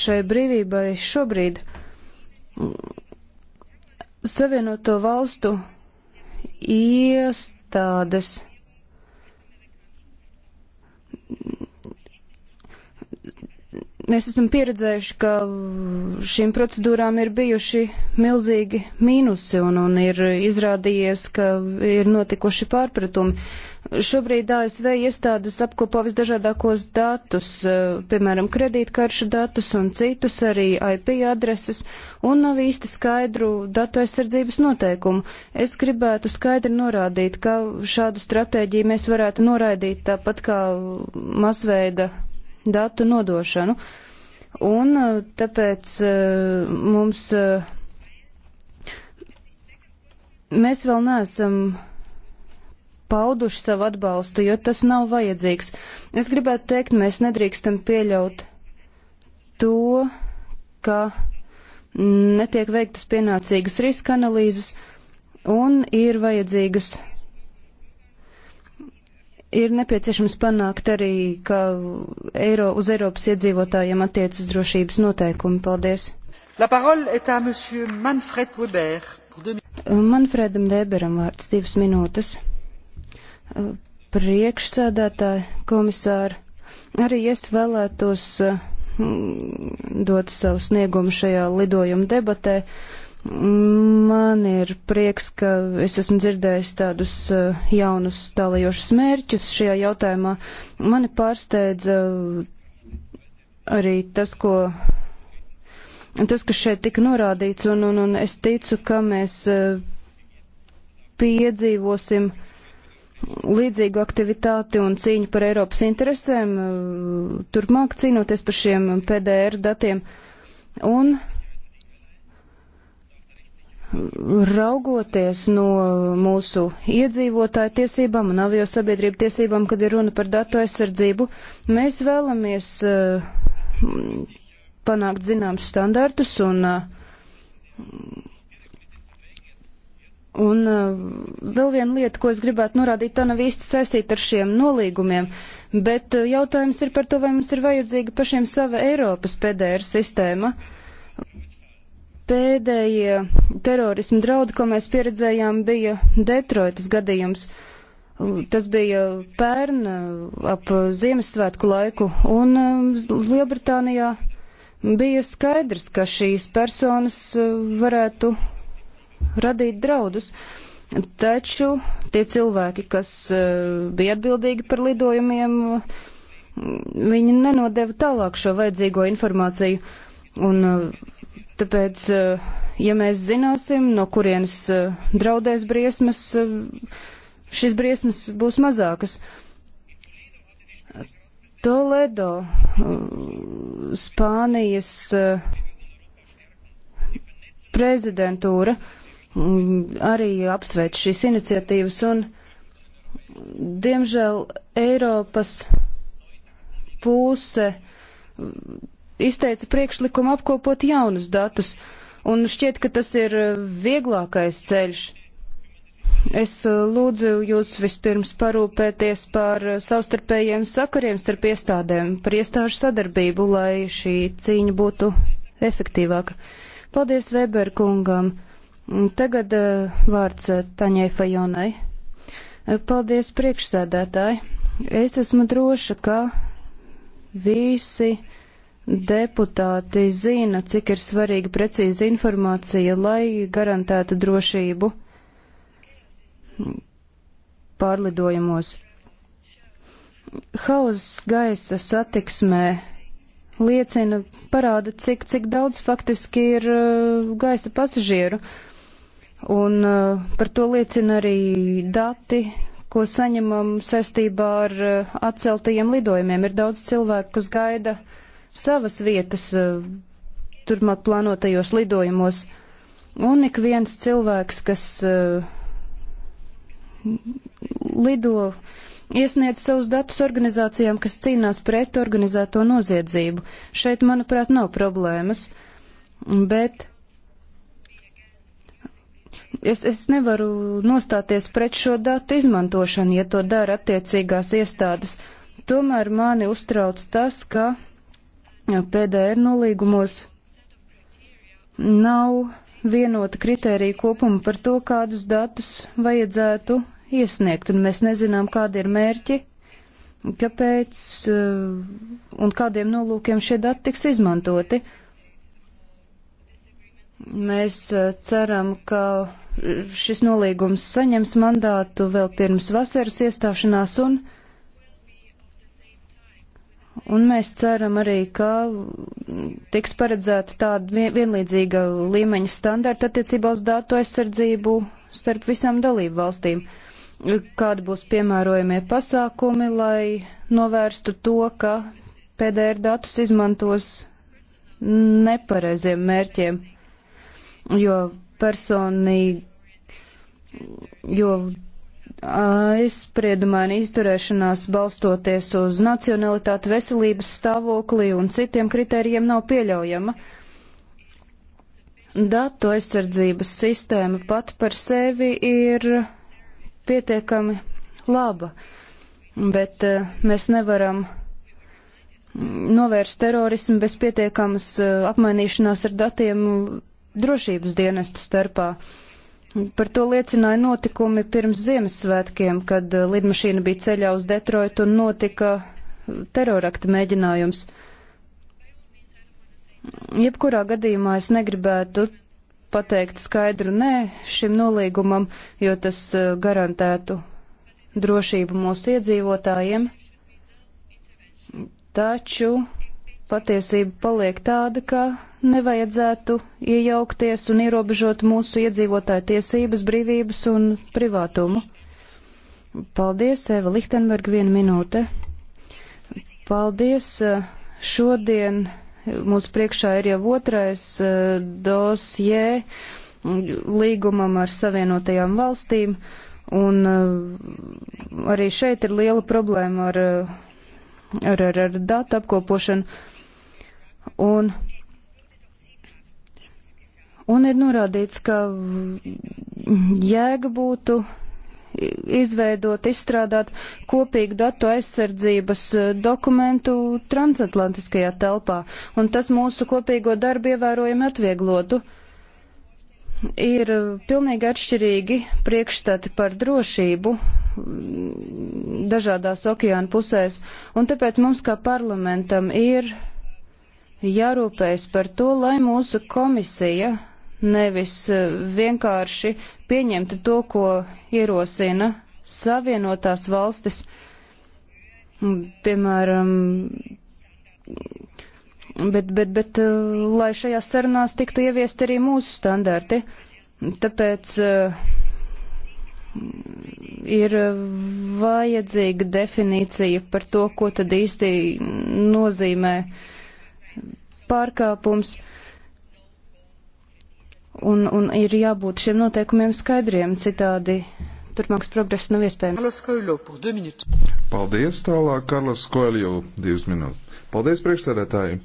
šai brīvībai šobrīd? Savienoto valstu iestādes mēs esam pieredzējuši, ka šīm procedūrām ir bijuši milzīgi mīnusi un, un ir izrādījies, ka ir notikuši pārpratumi. Šobrīd ASV iestādes apkopo visdažādākos datus, e, piemēram, kredītkaršu datus un citus, arī IP adreses, un nav īsti skaidru datu aizsardzības noteikumu. Es gribētu skaidri norādīt, ka šādu stratēģiju mēs varētu noraidīt tāpat kā masveida datu nodošanu. Un e, tāpēc e, mums. E, mēs vēl neesam pauduši savu atbalstu, jo tas nav vajadzīgs. Es gribētu teikt, mēs nedrīkstam pieļaut to, ka netiek veiktas pienācīgas riska analīzes un ir vajadzīgas ir nepieciešams panākt arī, ka eiro, uz Eiropas iedzīvotājiem attiecas drošības noteikumi. Paldies. Manfred Weber. Uh, Manfredam Weberam vārds divas minūtes. Uh, priekšsēdētāji, komisāri, arī es vēlētos uh, dot savu sniegumu šajā lidojuma debatē. Uh, Man ir prieks, ka es esmu dzirdējis tādus eh, jaunus tālajošus mērķus šajā jautājumā. Mani pārsteidza eh, arī tas, ko, tas kas šeit tika norādīts, un, un, un es ticu, ka mēs eh, piedzīvosim līdzīgu aktivitāti un cīņu par Eiropas interesēm, turpmāk cīnoties par šiem PDR datiem. Un raugoties no mūsu iedzīvotāju tiesībām un avio sabiedrību tiesībām, kad ir runa par datu aizsardzību, mēs vēlamies uh, panākt zināms standartus un, uh, un uh, vēl viena lieta, ko es gribētu norādīt, tā nav īsti saistīta ar šiem nolīgumiem, bet jautājums ir par to, vai mums ir vajadzīga pašiem sava Eiropas PDR sistēma. Pēdējie terorismu draudi, ko mēs pieredzējām, bija Detroitas gadījums. Tas bija pērn ap Ziemassvētku laiku, un um, Lielbritānijā bija skaidrs, ka šīs personas uh, varētu radīt draudus. Taču tie cilvēki, kas uh, bija atbildīgi par lidojumiem, viņi nenodeva tālāk šo vajadzīgo informāciju. Un uh, Tāpēc, eh, ja mēs zināsim, no kurienes eh, draudēs briesmas, eh, šīs briesmas būs mazākas. Toledo, Spānijas prezidentūra mm, arī apsveic šīs iniciatīvas un, diemžēl, Eiropas puse izteica priekšlikumu apkopot jaunus datus, un šķiet, ka tas ir eh, vieglākais ceļš. Es eh, lūdzu jūs vispirms parūpēties par eh, savstarpējiem sakariem starp iestādēm, par iestāžu sadarbību, lai šī cīņa būtu efektīvāka. Paldies Weber kungam. Tagad vārds Taņai Fajonai. Paldies priekšsēdētāji. Es esmu droša, ka visi deputāti zina, cik ir svarīga precīza informācija, lai garantētu drošību pārlidojumos. Hauss gaisa satiksmē liecina, parāda, cik, cik daudz faktiski ir uh, gaisa pasažieru. Un uh, par to liecina arī dati, ko saņemam saistībā ar uh, atceltajiem lidojumiem. Ir daudz cilvēku, kas gaida uh, savas vietas eh, turpmāk plānotajos lidojumos. Un ik viens cilvēks, kas eh, lido, iesniedz savus datus organizācijām, kas cīnās pret organizēto noziedzību. Šeit, manuprāt, nav problēmas, bet es, es nevaru nostāties pret šo datu izmantošanu, ja to dara attiecīgās iestādes. Tomēr mani uztrauc tas, ka PDR nolīgumos nav vienota kritērija kopuma par to, kādus datus vajadzētu iesniegt, un mēs nezinām, kādi ir mērķi, kāpēc uh, un kādiem nolūkiem šie dati tiks izmantoti. Mēs uh, ceram, ka šis nolīgums saņems mandātu vēl pirms vasaras iestāšanās un Un mēs ceram arī, ka tiks paredzēta tāda vienlīdzīga līmeņa standarta attiecībā uz datu aizsardzību starp visām dalību valstīm. Kādi būs piemērojamie pasākumi, lai novērstu to, ka PDR datus izmantos nepareiziem mērķiem, jo personīgi, jo aizspriedumaina izturēšanās balstoties uz nacionalitāti, veselības stāvoklī un citiem kritērijiem nav pieļaujama. Datu aizsardzības sistēma pat par sevi ir pietiekami laba, bet eh, mēs nevaram novērst terorismu bez pietiekamas eh, apmainīšanās ar datiem drošības dienestu starpā. Uh, Par to liecināja notikumi pirms Ziemassvētkiem, kad eh, lidmašīna bija ceļā uz Detroitu un notika eh, terorakta mēģinājums. Jebkurā gadījumā es negribētu pateikt skaidru nē šim nolīgumam, jo tas eh, garantētu drošību mūsu iedzīvotājiem. Taču Patiesība paliek tāda, ka nevajadzētu iejaukties un ierobežot mūsu iedzīvotāju tiesības, brīvības un privātumu. Paldies, Eva Lichtenberga, viena minūte. Paldies. Eh, šodien mūsu priekšā ir jau otrais eh, dosjē līgumam ar Savienotajām valstīm, un eh, arī šeit ir liela problēma ar, ar, ar, ar datu apkopošanu. Un, un ir norādīts, ka jēga būtu izveidot, izstrādāt kopīgu datu aizsardzības eh, dokumentu transatlantiskajā telpā, un tas mūsu kopīgo darbu ievērojami atvieglotu. Ir pilnīgi atšķirīgi priekšstati par drošību dažādās okeāna pusēs, un tāpēc mums kā parlamentam ir jārūpējas par to, lai mūsu komisija nevis e, vienkārši pieņemtu to, ko ierosina savienotās valstis, mm, piemēram, bet, bet, bet e, lai šajās sarunās tiktu ieviest arī mūsu standarti. Tāpēc e, ir vajadzīga definīcija par to, ko tad īsti nozīmē uh, pārkāpums. Un, un ir jābūt šiem noteikumiem skaidriem, citādi turpmāks progress nav iespējams. Paldies tālāk, Karlas Koeljo, divas minūtes. Paldies priekšsēdētāji.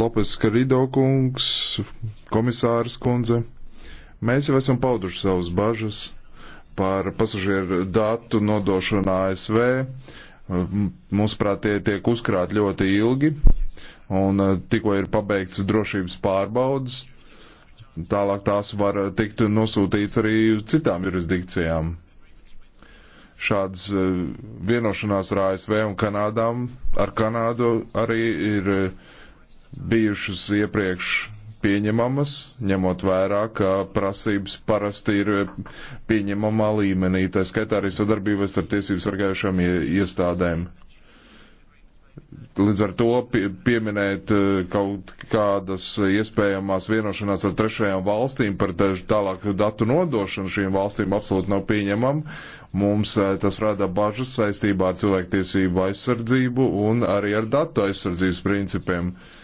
Lopes Karido kungs, komisārs kundze. Mēs jau esam pauduši savus bažas par pasažieru datu nodošanu ASV. Mūsuprāt, tie tiek uzkrāt ļoti ilgi un eh, tikko ir pabeigts drošības pārbaudas, tālāk tās var tikt nosūtīts arī uz citām jurisdikcijām. Šādas eh, vienošanās ar ASV un Kanādām, ar Kanādu arī ir eh, bijušas iepriekš pieņemamas, ņemot vērā, ka prasības parasti ir pieņemamā līmenī, tā skaitā arī sadarbības ar tiesību sargājušām iestādēm. Līdz ar to pieminēt eh, kaut kādas iespējamās vienošanās ar trešajām valstīm par tālāku datu nodošanu šīm valstīm absolūti nav pieņemama. Mums eh, tas rada bažas saistībā ar cilvēktiesību aizsardzību un arī ar datu aizsardzības principiem. Uh,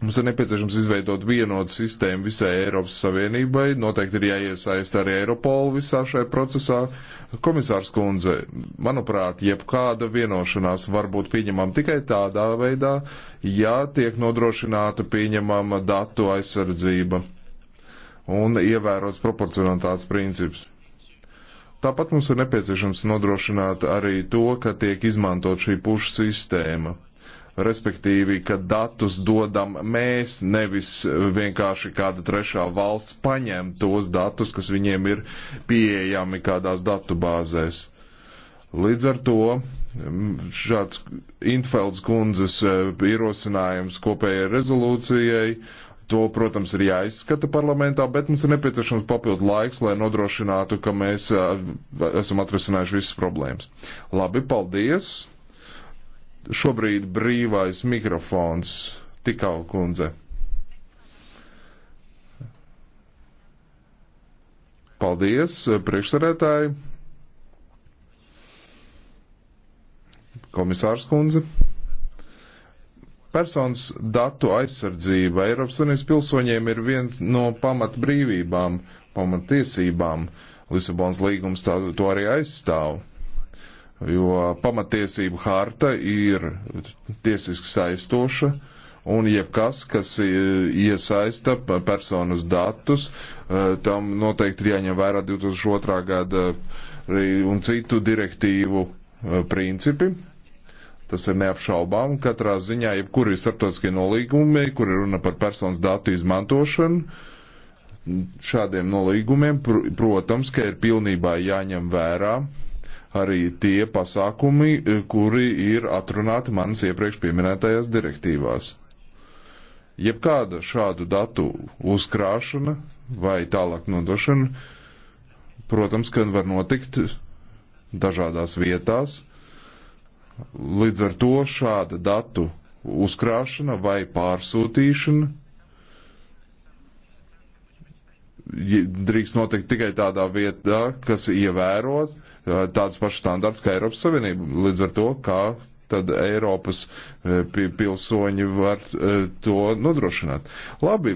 Mums ir nepieciešams izveidot vienotu sistēmu visai Eiropas Savienībai. Noteikti ir jāiesaist arī Eiropola visā šajā procesā. Komisārs Kundze, manuprāt, jebkāda vienošanās var būt pieņemama tikai tādā veidā, ja tiek nodrošināta pieņemama datu aizsardzība un ievērots proporcionalitātes princips. Tāpat mums ir nepieciešams nodrošināt arī to, ka tiek izmantot šī pušu sistēma respektīvi, ka datus dodam mēs, nevis vienkārši kāda trešā valsts paņem tos datus, kas viņiem ir pieejami kādās datubāzēs. Līdz ar to šāds Intfelds kundzes e, ierosinājums kopējai rezolūcijai To, protams, ir jāizskata parlamentā, bet mums ir nepieciešams papildu laiks, lai nodrošinātu, ka mēs e, esam atrisinājuši visas problēmas. Labi, paldies! šobrīd brīvais mikrofons tikau kundze. Paldies, priekšsarētāji. Komisārs kundze. Personas datu aizsardzība Eiropas Savienības pilsoņiem ir viens no pamatbrīvībām, pamatiesībām. Lisabons līgums tā, to arī aizstāv jo pamatiesību harta ir tiesiski saistoša, un jebkas, kas iesaista personas datus, e, tam noteikti ir jāņem vērā 2002. gada un citu direktīvu e, principi. Tas ir neapšaubām. Katrā ziņā, jebkuri starptautiskie nolīgumi, kur ir runa par personas datu izmantošanu, šādiem nolīgumiem, protams, ka ir pilnībā jāņem vērā arī tie pasākumi, e, kuri ir atrunāti manas iepriekš pieminētajās direktīvās. Jebkāda šādu datu uzkrāšana vai tālāk nodošana, protams, ka var notikt dažādās vietās. Līdz ar to šāda datu uzkrāšana vai pārsūtīšana drīkst notikt tikai tādā vietā, kas ievēro tāds pašs standarts kā Eiropas Savienība. Līdz ar to, kā tad Eiropas pilsoņi var to nodrošināt. Labi,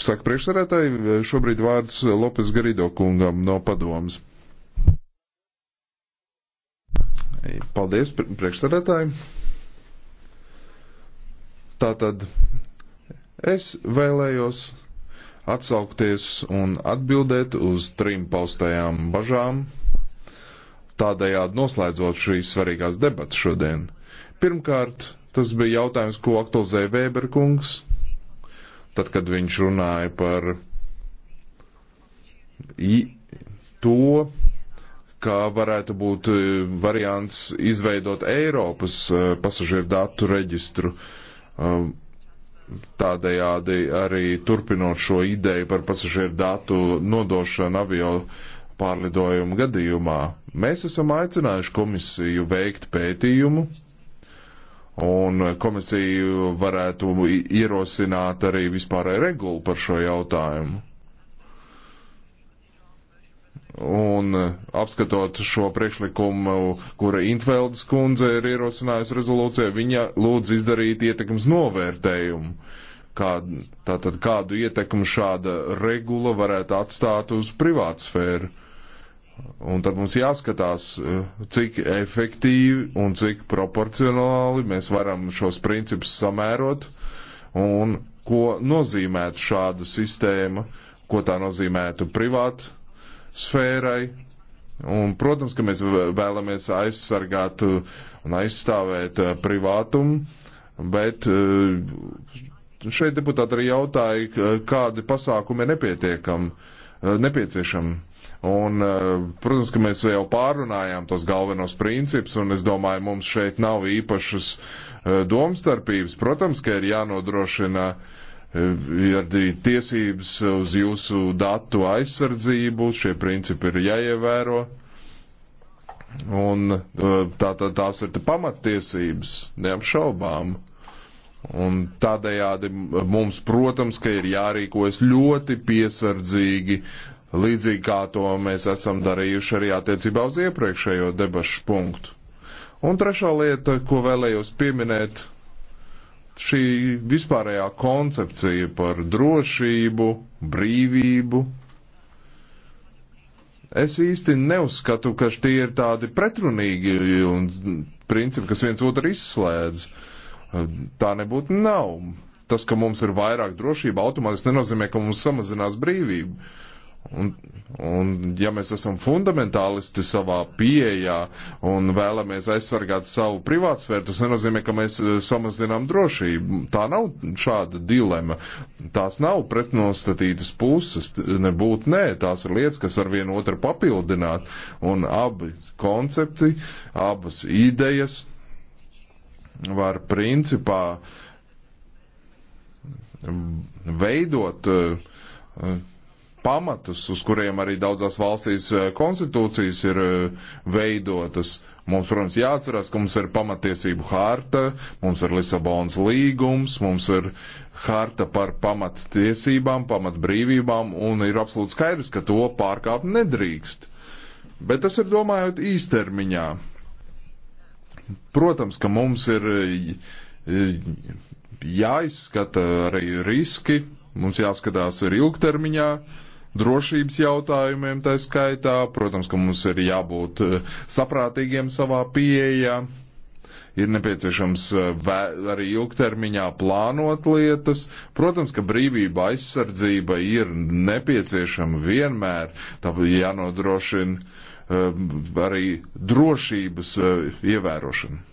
saka priekšsarētāji, šobrīd vārds Lopes Garido kungam no padomas. Paldies, priekšsarētāji. Tātad es vēlējos atsaukties un atbildēt uz trim paustajām bažām, tādējādi noslēdzot šīs svarīgās debatas šodien. Pirmkārt, tas bija jautājums, ko aktualizēja Vēberkungs, tad, kad viņš runāja par to, kā varētu būt e, variants izveidot Eiropas e, pasažieru datu reģistru. Uh, Tādējādi arī turpinot šo ideju par pasažieru datu nodošanu avio pārlidojumu gadījumā, mēs esam aicinājuši komisiju veikt pētījumu, un komisiju varētu ierosināt arī vispārēju regulu par šo jautājumu. Un eh, apskatot šo priekšlikumu, kura Intveldes kundze ir ierosinājusi rezolūcijā, viņa lūdz izdarīt ietekmes novērtējumu. Kā, tātad kādu ietekmu šāda regula varētu atstāt uz privātsfēru. Un tad mums jāskatās, eh, cik efektīvi un cik proporcionāli mēs varam šos principus samērot un ko nozīmētu šāda sistēma, ko tā nozīmētu privātu sfērai. Un, protams, ka mēs vēlamies aizsargāt uh, un aizstāvēt uh, privātumu, bet uh, šeit deputāti arī jautāja, kādi pasākumi ir nepietiekami, nepieciešami. Un, protams, ka mēs jau pārunājām tos galvenos principus, un es domāju, mums šeit nav īpašas domstarpības. Protams, ka ir jānodrošina uh, Eh, arī tiesības uz jūsu datu aizsardzību, šie principi ir jāievēro. Un eh, tā, tā, tās ir pamattiesības, neapšaubām. Un tādējādi mums, protams, ka ir jārīkojas ļoti piesardzīgi, līdzīgi kā to mēs esam darījuši arī attiecībā uz iepriekšējo debašu punktu. Un trešā lieta, ko vēlējos pieminēt, šī vispārējā koncepcija par drošību, brīvību. Es īsti neuzskatu, ka tie ir tādi pretrunīgi un principi, kas viens otru izslēdz. Tā nebūtu nav. Tas, ka mums ir vairāk drošība, automātiski nenozīmē, ka mums samazinās brīvība. Un, un ja mēs esam fundamentālisti savā pieejā un vēlamies aizsargāt savu privātsfēru, tas nenozīmē, ka mēs eh, samazinām drošību. Tā nav šāda dilema. Tās nav pretnostatītas puses, nebūtu nē, tās ir lietas, kas var vienu otru papildināt. Un abi koncepti, abas idejas var principā veidot uh, pamatus, uz kuriem arī daudzās valstīs eh, konstitūcijas ir eh, veidotas. Mums, protams, jāatcerās, ka mums ir pamatiesību harta, mums ir Lisabonas līgums, mums ir harta par pamattiesībām, pamatbrīvībām, un ir absolūti skaidrs, ka to pārkāpt nedrīkst. Bet tas ir domājot īstermiņā. Protams, ka mums ir eh, jāizskata arī riski, mums jāskatās ir ilgtermiņā, drošības jautājumiem tā skaitā. Protams, ka mums ir jābūt eh, saprātīgiem savā pieejā. Ir nepieciešams eh, arī ilgtermiņā plānot lietas. Protams, ka brīvība aizsardzība ir nepieciešama vienmēr. Tāpēc jānodrošina eh, arī drošības ievērošana.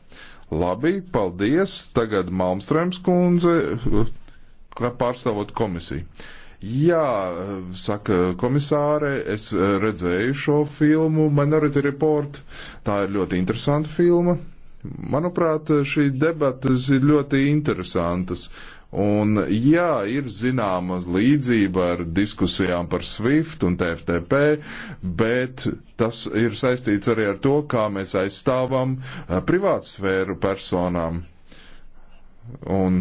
Labi, paldies. Tagad Malmstrēms kundze pārstāvot komisiju. Jā, saka komisāre, es eh, redzēju šo filmu Minority Report. Tā ir ļoti interesanta filma. Manuprāt, šī debatas ir ļoti interesantas. Un jā, ir zināmas līdzība ar diskusijām par SWIFT un TFTP, bet tas ir saistīts arī ar to, kā mēs aizstāvam eh, privātsfēru personām Un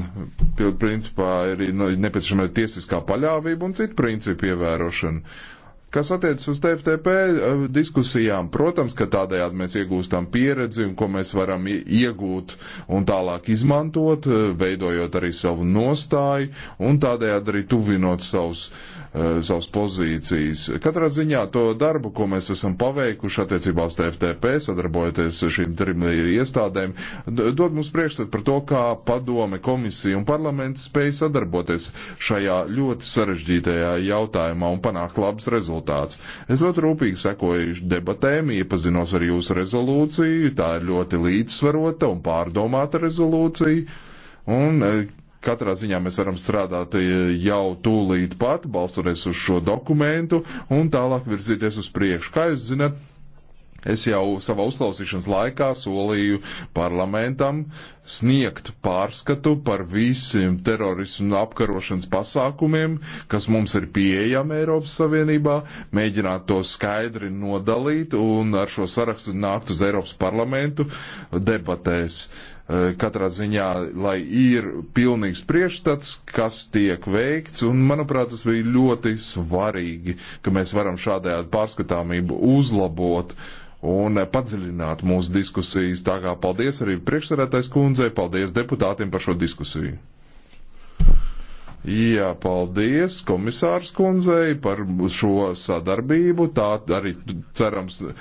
principā ir nu, nepieciešama tiesiskā paļāvība un citu principu ievērošana. Kas attiecas uz TFTP eh, diskusijām, protams, ka tādējādi mēs iegūstam pieredzi, ko mēs varam iegūt un tālāk izmantot, eh, veidojot arī savu nostāju un tādējādi arī tuvinot savus uh, Eh, savas pozīcijas. Katrā ziņā to darbu, ko mēs esam paveikuši attiecībā uz TFTP, sadarbojoties šīm trim iestādēm, dod mums priekšstat par to, kā padome, komisija un parlaments spēj sadarboties šajā ļoti sarežģītajā jautājumā un panākt labs rezultāts. Es ļoti rūpīgi sekoju debatēm, iepazinos ar jūsu rezolūciju, tā ir ļoti līdzsvarota un pārdomāta rezolūcija. Un eh, Katrā ziņā mēs varam strādāt eh, jau tūlīt pat, balstoties uz šo dokumentu un tālāk virzīties uz priekšu. Kā jūs zināt, Es jau savā uzklausīšanas laikā solīju parlamentam sniegt pārskatu par visiem terorismu apkarošanas pasākumiem, kas mums ir pieejami Eiropas Savienībā, mēģināt to skaidri nodalīt un ar šo sarakstu nākt uz Eiropas parlamentu debatēs. Uh, Eh, katrā ziņā, lai ir pilnīgs priekšstats, kas tiek veikts, un manuprāt, tas bija ļoti svarīgi, ka mēs varam šādējādi pārskatāmību uzlabot un eh, padziļināt mūsu diskusijas. Tā kā paldies arī priekšsarētais kundzei, paldies deputātiem par šo diskusiju. Jā, paldies komisārs kundzei par šo sadarbību. Tā arī cerams eh,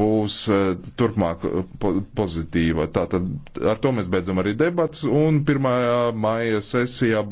būs eh, turpmāk eh, pozitīva. Tātad ar to mēs beidzam arī debats un 1. maija sesijā.